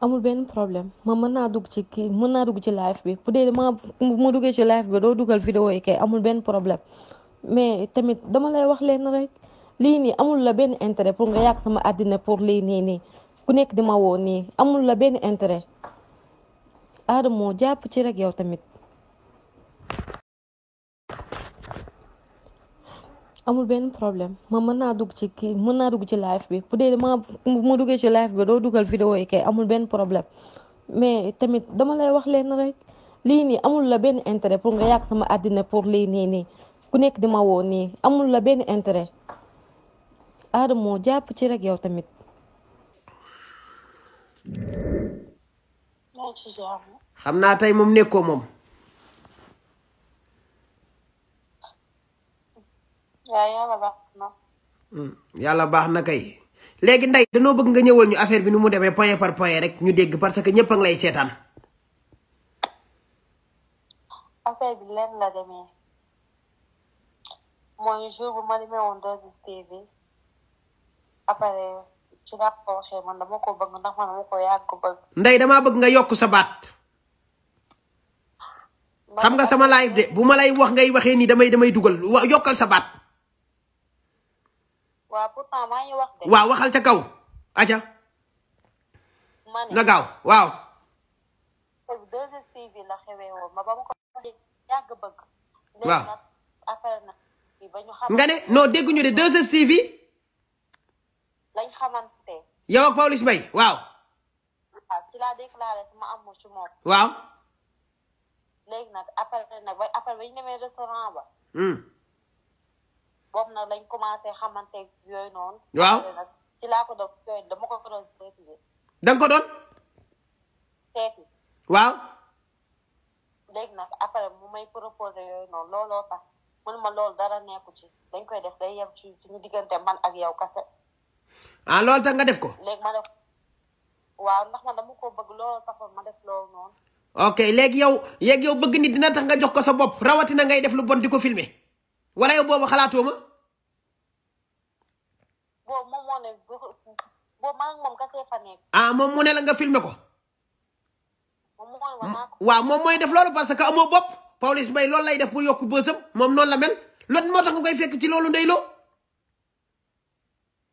amul benn problème ma mën naa dugg ci kii mën naa dugg ci live bi bu dee ma ma duggee ci live bi doo dugal vidéo yi kay amul benn problème mais tamit dama lay wax leen rek lii nii amul la benn intérêt pour nga yàq sama àddina pour lii nii nii ku nekk di ma woo nii amul la benn intérêt Adamo jàpp ci rek yow tamit amul benn problème ma mën naa dugg ci kii mën naa dugg ci live bi bu dee ma ma duggee ci live bi doo dugal vidéo yi kay amul benn problème mais tamit dama lay wax leen rek lii nii amul la benn intérêt pour nga yàq sama àddina pour lii nii nii ku nekk di ma woo nii amul la benn intérêt moo jàpp ci rek yow tamit. xam naa tey moom nekkoo moom. waaw yàlla baax na. Hmm, yàlla baax na kay. léegi nday danoo bëgg nga ñëwal ñu affaire bi nu mu demee par point rek ñu dégg parce que ñëpp a ngi lay seetaan. affaire dama bëgg nga yokk sa baat. xam nga sama live de bu ma lay wax ngay waxee nii damay damay dugal yokkal sa baat. waaw pourtant maa ngi wax de. waaw waxal ca kaw. aja na waaw. loolu 2STV la ba mu ko yàgg bëgg. waaw xam. nga ne non dégguñu de 2STV. lañ xamante. yow ak Pawlish Mbaye waaw. ci laa déclaré sama amour ci moom. waaw. léegi nag après nag ba après ba ñu demee restaurant ba. Hmm. boobu nag lañ commencé xamante yooyu noonu. waaw ci laa ko doon dama ko doon seeti ko doon. seeti. waaw. léegi na après mu may proposé yooyu noonu looloo tax mun ma loolu dara nekku ci dañ koy def day yem ci suñu diggante man ak yow kase. ah loolu tax nga def ko. léegi ma def waaw ndax man dama ko bëgg looloo taxoon ma def loolu noonu. ok léegi yow léegi yow bëgg nit dina tax nga jox ko sa bopp rawatina ngay def lu bon di ko filmer. wala yow boobu xalaatoo ma. boobu moom moo ne ah moom mu ne la nga filmer ko. waaw moom mooy def loolu parce que amoo bopp Pawlish Mbaye loolu lay def pour yokk bësam moom noonu la mel loolu moo tax koy fekk ci loolu ndeyloo.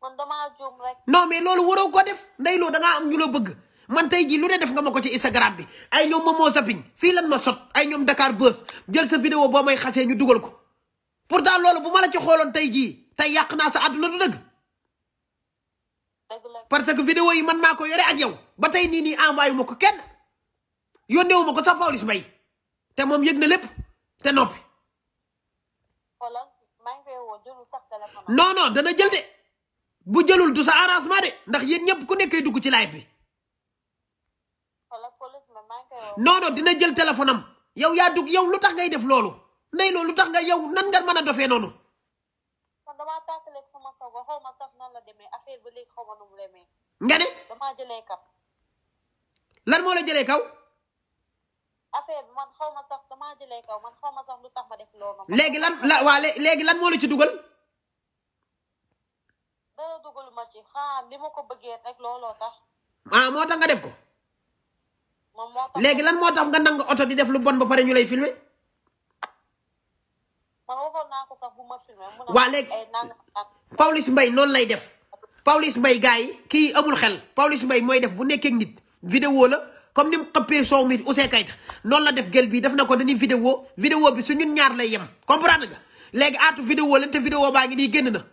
man damaa juum rek. non loolu waroo ko def ndeyloo loo ngaa am ñu la bëgg man tey jii lu ne def nga ma ci Instagram bi ay ñoom moom sa piñ fii lan ma sot ay ñoom Dakar Buzz jël sa vidéo boo may xasee ñu dugal ko. pour pourtant loolu bu ma la ci xooloon tey jii tey yàq naa sa àdduna du dëgg parce que vidéo yi man maa ko yore ak yow ba tey nii nii envoyé ma ko kenn yónneewu ma ko sax Pawlish Mbaye te moom yëg na lépp te noppi non non dana jël de bu jëlul du sa ma de ndax yéen ñëpp ku nekkee dugg ci live bi non non dina jël téléphone am yow yaa dugg yow lu tax ngay def loolu ndey loolu tax nga yow nan nga mën a dofee noonu. man damaa tàkkaleeg sama sogo xaw ma sax nan la demee affaire bi léegi xaw ma mu demee. nga ne. damaa jëlee kaw. lan moo jëlee kaw. affaire bi man xaw ma sax damaa jëlee kaw man xaw ma sax lu tax ma def loolu. léegi lan la waa léegi lan moo la ci dugal. dara dugalu ma ci xaa ni ma ko bëggee rek looloo tax. ah moo tax nga def ko. moo tax léegi lan moo tax nga nangu oto di def lu bon ba pare ñu lay filmer. waa léegi Pawlish mbay noonu lay def Pawlish mbay gars yi kii amul xel Pawlish mbay mooy def bu nekkee nit vidéo la comme ni mu xëppee soow mi Ouzin Keita noonu la def gel bi def na ko dañuy vidéo vidéo bi su ñun ñaar lay yem comprendre nga léegi aatu vidéo lañ te vidéo baa ngi nii génn na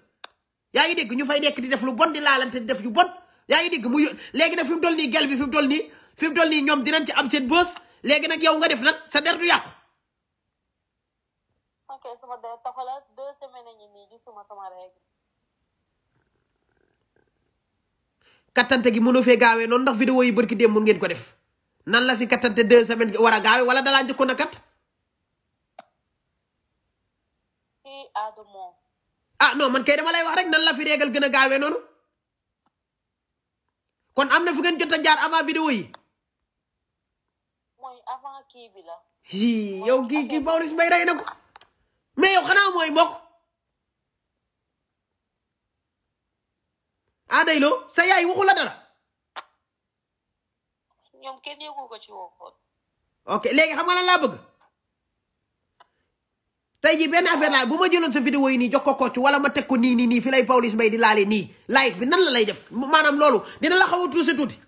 yaa ngi dégg ñu fay nekk di def lu bon di laalante di def yu bon yaa ngi dégg mu léegi nag fi mu toll nii gel bi fi mu toll nii fi mu toll nii ñoom dinañ ci am seen bës léegi nag yow nga def nag sa der du yàqu bloqué sama deret taxala deux gi mënoo fee gaawee noonu ndax vidéo yi bërki démb ngeen ko def nan la fi kattante deux semaines war a gaawee wala dalaa njëkkoon a kat ah non man kay dama lay wax rek nan la fi régal gën a gaawee noonu kon am na fu ngeen jot a jaar avant vidéo yi yow kii kii Pawlish Mbaye rey na ko mais yow xanaa mooy mbokk ah loo sa yaay waxu la dara. ñoom kenn yëgu ko ci woo. ok léegi xam nga laa bëgg tey jii benn affaire laa bu ma jëloon sa vidéo yi nii jox ko ma teg ko nii nii nii fi lay Pawlish Mbaye di laale nii live bi nan la lay def maanaam loolu dina la xaw a tuuse tuuti.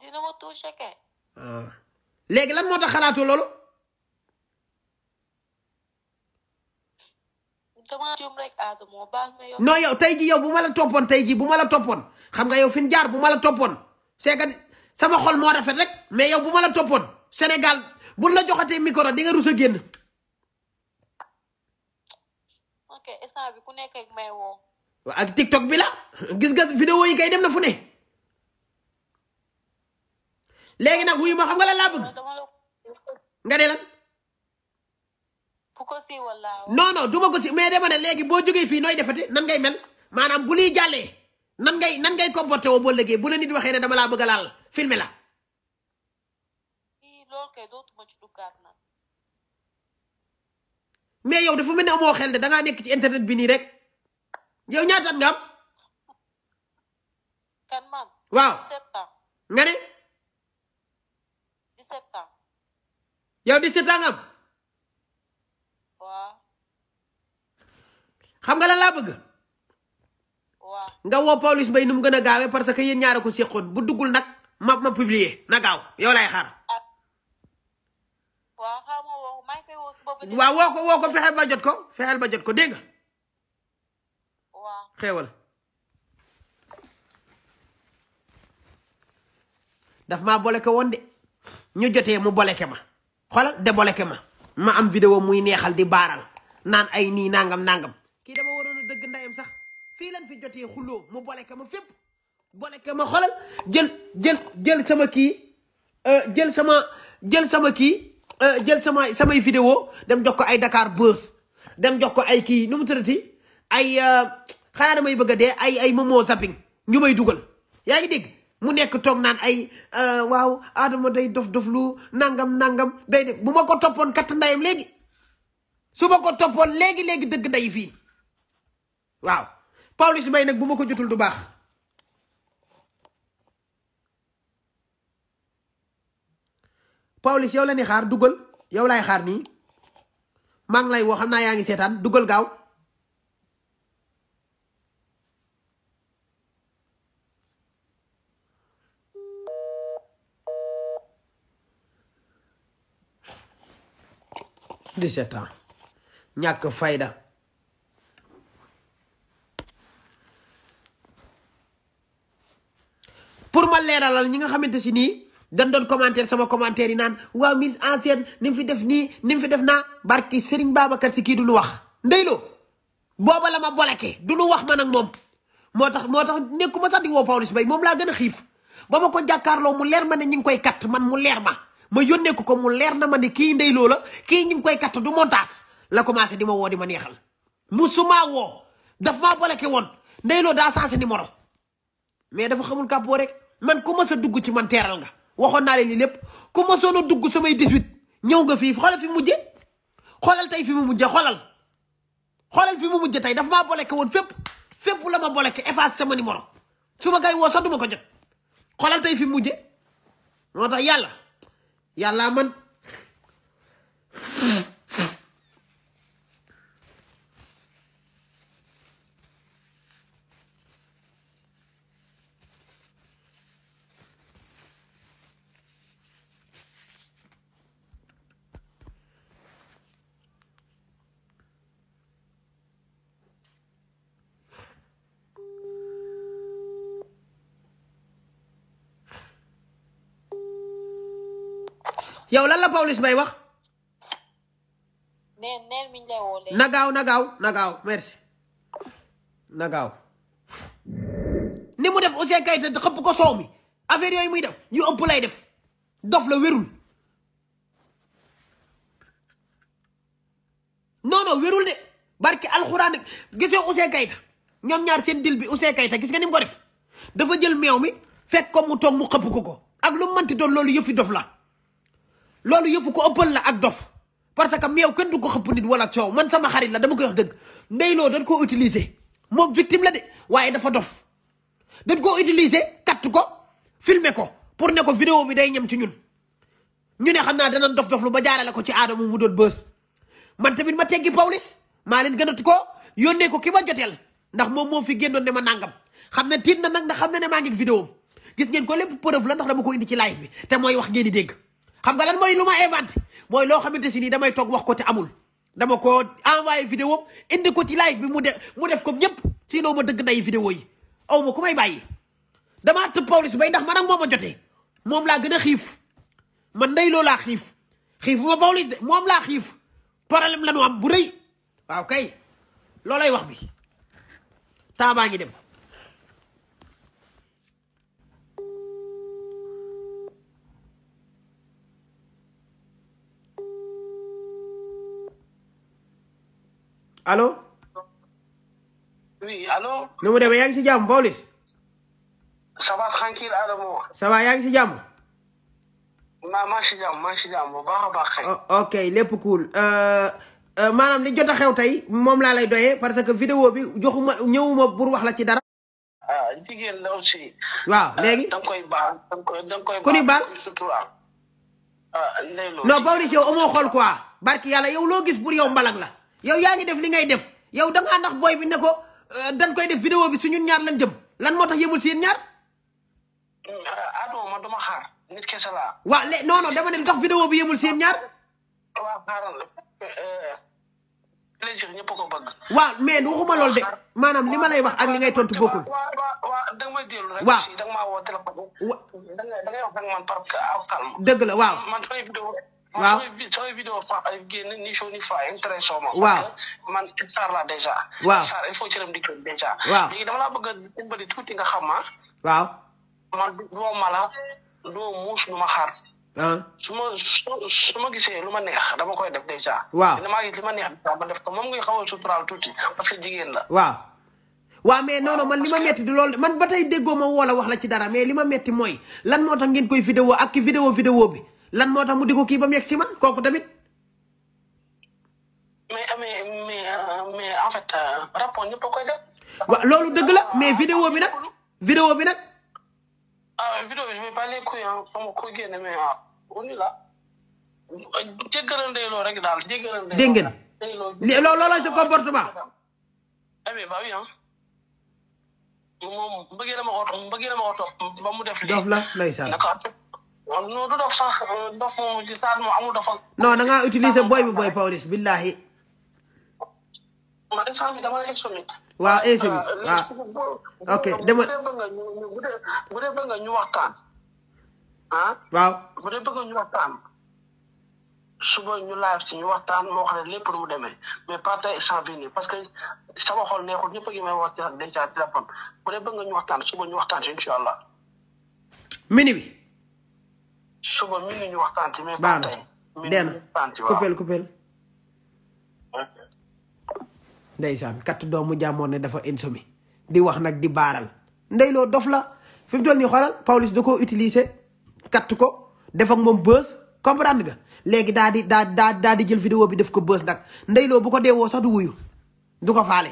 dina ma tuuse kay. Ah. léegi lan moo tax xalaatu loolu. dama jum rek Adamo baal yow. tey jii yow bu ma la toppoon tey jii bu ma la toppoon xam nga yow fi ñu jaar bu ma la toppoon c'est que sama xol moo rafet rek mais yow bu ma la toppoon Sénégal buñ la joxatee micro di nga rus génn. ok instant bi ku nekk ak may woo. ak TikTok yi kay dem na fu ne. léegi nag wuyu ma xam nga la laa nga ne lan. ku ko laa non non ma ko si mais dama ne léegi boo jógee fii nooy defati nan ngay mel maanaam bu liy jàllee nan ngay nan ngay comporté woo boo léegi bu la nit waxee ne dama laa bëgg a laal filmé la. loolu kay dootuma ci mel ne amoo xel de da nekk ci internet bi nii rek yow ñaataat nga am. kan waaw nga ne. 17 ans. yow nga la laa bëgg. waaw nga woo Pawlish Mbaye nu mu gën a gaawee parce que yéen ñaare ko seqoon bu duggul nag ma ma publier na gaaw yow lay xaar. Ah. waaw ma woo ko woo ko fexeel ba jot ko fexeel ba jot ko dégg nga. waaw xéewal. daf maa boleke woon de ñu jotee mu boleke ma xoolal de boleke ma ma am vidéo muy neexal di baaral naan ay nii nangam nangam fii lan fi jotee xuloo mu boole ka ma fépp boole ka ma xolal jël jël jël sama kii euh, jël sama jël sama kii euh, jël sama samay vidéo dem jox ko ay dakaar Buzz dem jox ko ay kii nu mu tëddati ay euh, xanaa damay bëgg a dee ay ay momo zapping ñu may dugal yaa ngi dégg mu nekk toog naan ay waaw Adama day dof dof lu nangam nangam day def bu ma ko toppoon katt ndayam léegi su ma ko toppoon léegi léegi dëgg nday fii waaw Pawlish Mbaye nag bu ma ko jotul du baax Pawlish yow la ni xaar dugal yow laay xaar nii maa ngi lay woo xam naa yaa ngi seetaan dugal gaaw dix-sept ñàkk fayda la ñi nga xamante si nii dañ doon commentaire sama commentaire yi naan waaw mise en scène ni fi def nii ni mu fi def naa barki baaba Babacar si kii du lu wax ndeylo booba la ma boleke du lu wax man nag moom moo tax moo tax nekkuma sax di woo Pawlish Mbaye moom laa gën a xiif ba ma ko jàkkaarloo mu leer ma ne ñi ngi koy katt man mu leer ma ma yónnee ko ko mu leer na ma ne kii ndeyloo la kii ñi ngi koy kat du montage la commencé di ma woo di ma neexal mu suma woo daf maa boleke woon ndeyloo daa sensé numéro mais dafa xamul kàppoo rek man ku mës dugg ci man teeral nga waxoon naa leen lii lépp ku mësoon a dugg samay 18 ñëw nga fii xoolal fi mu mujje xoolal tey fi mu mujje xoolal xoolal fi mu mujje tey dafa maa boleke woon fépp fépp la ma boleke efface sama ni numéro su ma koy woo sax du ma ko jot xoolal tey fi mu mujje moo tax yàlla yàllaa man yow lan la Pawlish may wax. neen neen mi ñu lay woo léegi. nagaaw nagaaw ni mu def Ouzin Keita te xëpp ko soow mi affaire yooyu muy def ñu ëpp lay def dof la wérul non non wérul de barki alxuraan ak gisoo Ouzin Keita ñoom ñaar seen dil bi Ouzin Keita gis nga ni ko def dafa jël meew mi fekk ko mu toog mu xëpp ko ko ak lu mu mënti doon loolu yëfi dof la. loolu yëfu ko ëppal la ak dof parce que meew kenn du ko xëpp nit wala coow man sama xarit la dama koy wax dëgg ndeyloo dañ ko utiliser moom tim la de waaye dafa dof dañ koo utiliser katt ko filmer ko pour ne ko vidéo bi day ñam ci ñun ñu ne xam naa danañ dof dof lu ba jaarale ko ci aadama mu doon bës man tamit ma teggi Pawlish maa leen gënati ko yónnee ko ki ma joteel ndax moom moo fi génnoon ne ma nangam xam ne tiit na nag ndax xam na ne maa ngi vidéo gis ngeen ko lépp preuve la ndax dama ko indi ci live bi te mooy wax ngeen di dégg xam nga lan mooy lu ma inventé mooy loo xamante si nii damay toog wax ko te amul dama ko envoyé vidéo indi ko ci live bi mu def mu def comme ñëpp sinon ma dëgg nday vidéo yi aw ma ku may bàyyi damaa tëb Pawlish Mbaye ndax man ak moom a jote moom laa gën a xiif man day loo laa xiif xiif ma Pawlish de moom laa xiif problème la ñu am bu rëy waaw kay loolay wax bi temps baa ngi dem allo. oui allo. nu mu demee yaa si jàmm Pawlish. ça va tranquille Adamo. ça va ngi si jàmm. maa maa si jàmm maa si jàmm bu baax a baax. ok lépp cool. Euh, euh, maanaam li jot a xew tey moom laa lay doyee parce que vidéo bi joxuma ñëwuma pour wax la ci dara. Ah, la aussi. waaw ah, léegi da nga koy baal dan nga koy da nga koy baal ku ni baal surtout ah. non yow amoo xool quoi barki yàlla yow loo gis pour yow mbalag la. yow yaa ngi def li ngay def yow da ngaa ndax booy bi ne ko dañ koy def vidéo bi su ñun ñaar lan jëm lan moo tax yemul si yéen ñaar. Ado man dama xaar nit kese laa. dama ne lu tax vidéo bi yemul si yéen ñaar. waaw xaaral plaisir ñëpp ko bëgg. waaw mais waxuma lool de maanaam li ma lay wax ak li ngay tontu bokkul. waaw da nga may maa woo téléphone. da ngay wax ak dëgg la waa man waaw man samay vidéo sax ay génn ni ma. waaw man Sarr la waaw Sarr il faut di ko déjà. dama laa bëgg a dimbali nga xam ma. mala doo muus du ma xar. Ah. su ma su ma gisee lu ma neex dama koy def déjà. waaw damaa gis li neex dama def ko moom ngay xaw a suturaal tuuti parce que jigéen la. waaw waaw mais non non man li metti du loolu man ba tey déggoo ma wax la ci dara mais li ma metti mooy lan moo tax ngeen koy vidéo ak vidéo vidéo bi. lan moo tax mu di ko kii ba mu yegg si man kooku tamit. mais mais mais euh, en fait euh, rapport ñëpp a koy def. waaw loolu dëgg la mais euh, vidéo bi nag. vidéo bi nag. ah vidéo bi je vais pas les couilles xam nga ko génne mais wuñu la. jéggalal ndeyloo rek daal jéggalal ndeyloo. dégg ngeen loolu looloo sa comportement. ah eh oui bah oui ah. moom bëggee na ma ko bëggee na ma ko topp ba mu def. lii dof la ndeysaan. non du dof sax euh, dof moom ci saat moom amul dofa. non da ngaa utiliser boy bi boy Pawlish billahi. dama insomnie. waaw insomnie euh, waaw. ok dama bu nga ñu waxtaan. ah. waaw bu dee bëgg nga ñu waxtaan. suba ñu live ci ñu waxtaan moo xam ne lépp lu mu demee mais pas tey instant bii parce que sama xol neexul ñëpp a ngi may wax déjà téléphone bu dee bëgg nga ñu waxtaan suba ñu waxtaan ci incha allah. minuit. suba mi ngi ñu waxtaan ci mais. baax na dee ndeysaan kat doomu jàmmoon ne dafa insomnie di wax nag di baaral ndeyloo dof la fi mu toll nii xoolal Pawlish da koo utiliser katt ko def moom bës comprendre nga léegi daa di daa daa daa di jël vidéo bi def ko bës nag ndeyloo bu ko deewoo sax du wuyu du ko faale.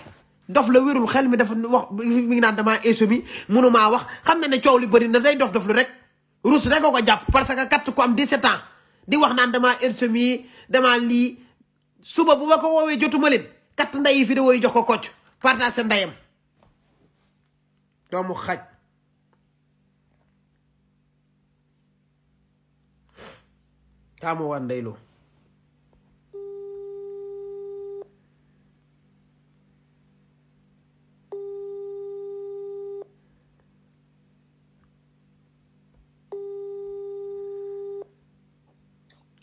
dof la wérul xel mi dafa wax mi ngi naan damaa insomnie mënumaa wax xam na ne coow li bari na day dof dof lu rek. rus rek ko jàpp parce que kat ku am 17 ans di wax naan damaa semi damaa lii suba bu ma ko woowee jotuma leen kat nday fi de wooyu jox ko kocc partage sa ndeyam doomu xaj taamu waan ndeyloo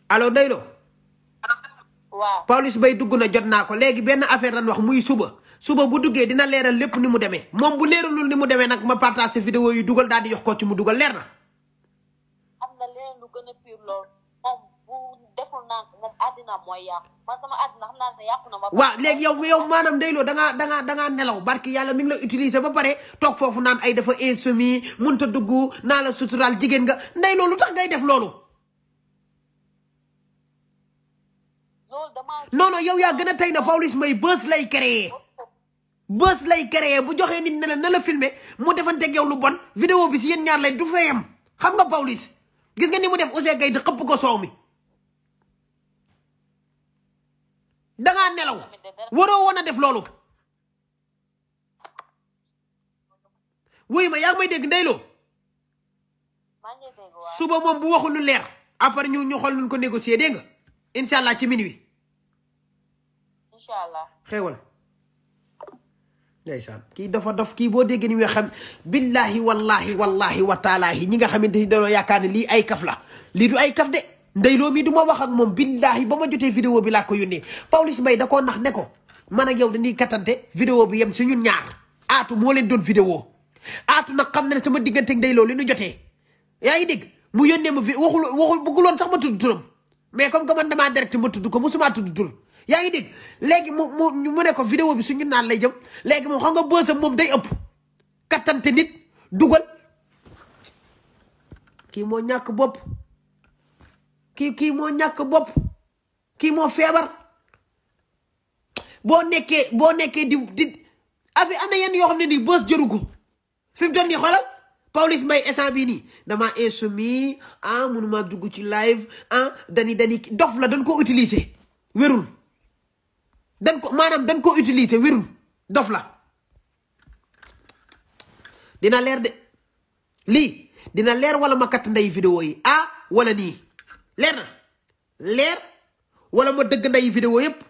allo Daylo. waaw Pawlish dugg na jot naa ko léegi benn affaire lan wax muy suba suba bu duggee dina leeral lépp ni mu demee moom bu leeralul ni mu demee nag ma partagé vidéo yu dugal daal di jox ko ci mu dugal leer na. am na a pire lool moom bu deful léegi yow maanaam Daylo da ngaa da nelaw barki yàlla mi ngi la utiliser ba pare toog foofu naan ay dafa insomnie mënut a dugg naa la suturaal jigéen nga Daylo lu tax ngay def loolu. non non yow yaa gën a tey na Pawlish may bës lay créer bës lay créer bu joxee nit ne la na la filmer mu defanteeg yow lu bon vidéo bi si yéen ñaar lay du fa yem xam nga Pawlish gis nga ni mu def Ouzin Gueye di xëpp ko soow mi dangaa nelaw waroo woon a def loolu wuyu ma yaa may dégg ndeyloo suba moom bu waxul lu leer après ñu ñu xool nuñ ko négocier dégg nga incha allah ci minuit incha allah xéewal kii dafa dof kii boo déggee ni nga xam billahi wallahi wallahi wa taalaahi ñi nga xamante ni dañoo yaakaar ne lii ay kafla lii du ay kaf de ndeyloo mii du ma wax ak moom billahi ba ma jotee vidéo bi laa ko yónnee Pawlish Mbaye da koo nax ne ko man ak yow dañuy kattante vidéo bi yem si ñun ñaar aatu moo leen doon vidéo aatu nag xam na ne sama diggante ak ndeyloo li nu jotee yaa ngi dégg mu yónnee ma fi waxul waxul bëgguloon sax ma tudd turam mais comme que man damaa direct ma tudd ko musuma tudd yaa ngi dégg léegi mu mu mu ne ko vidéo bi suñu naan lay jëm léegi moom xam nga bësam moom day ëpp kattante nit dugal kii moo ñàkk bopp kii kii moo ñàkk bopp kii moo feebar boo nekkee boo nekkee di di afi na yenn yoo xam ne nii bës jëru ko fi mu doon nii xoolal Pawlish Mbaye instant bii nii dama insoumis ah mënuma dugg ci live ah dani dani dof la dañ ko utiliser wérul dan ko maanaam dañ ko utiliser wérul dof la dina leer de lii dina leer wala ma kat nday vidéo yi ah wala nii leer na leer wala ma dëgg nday vidéo yëpp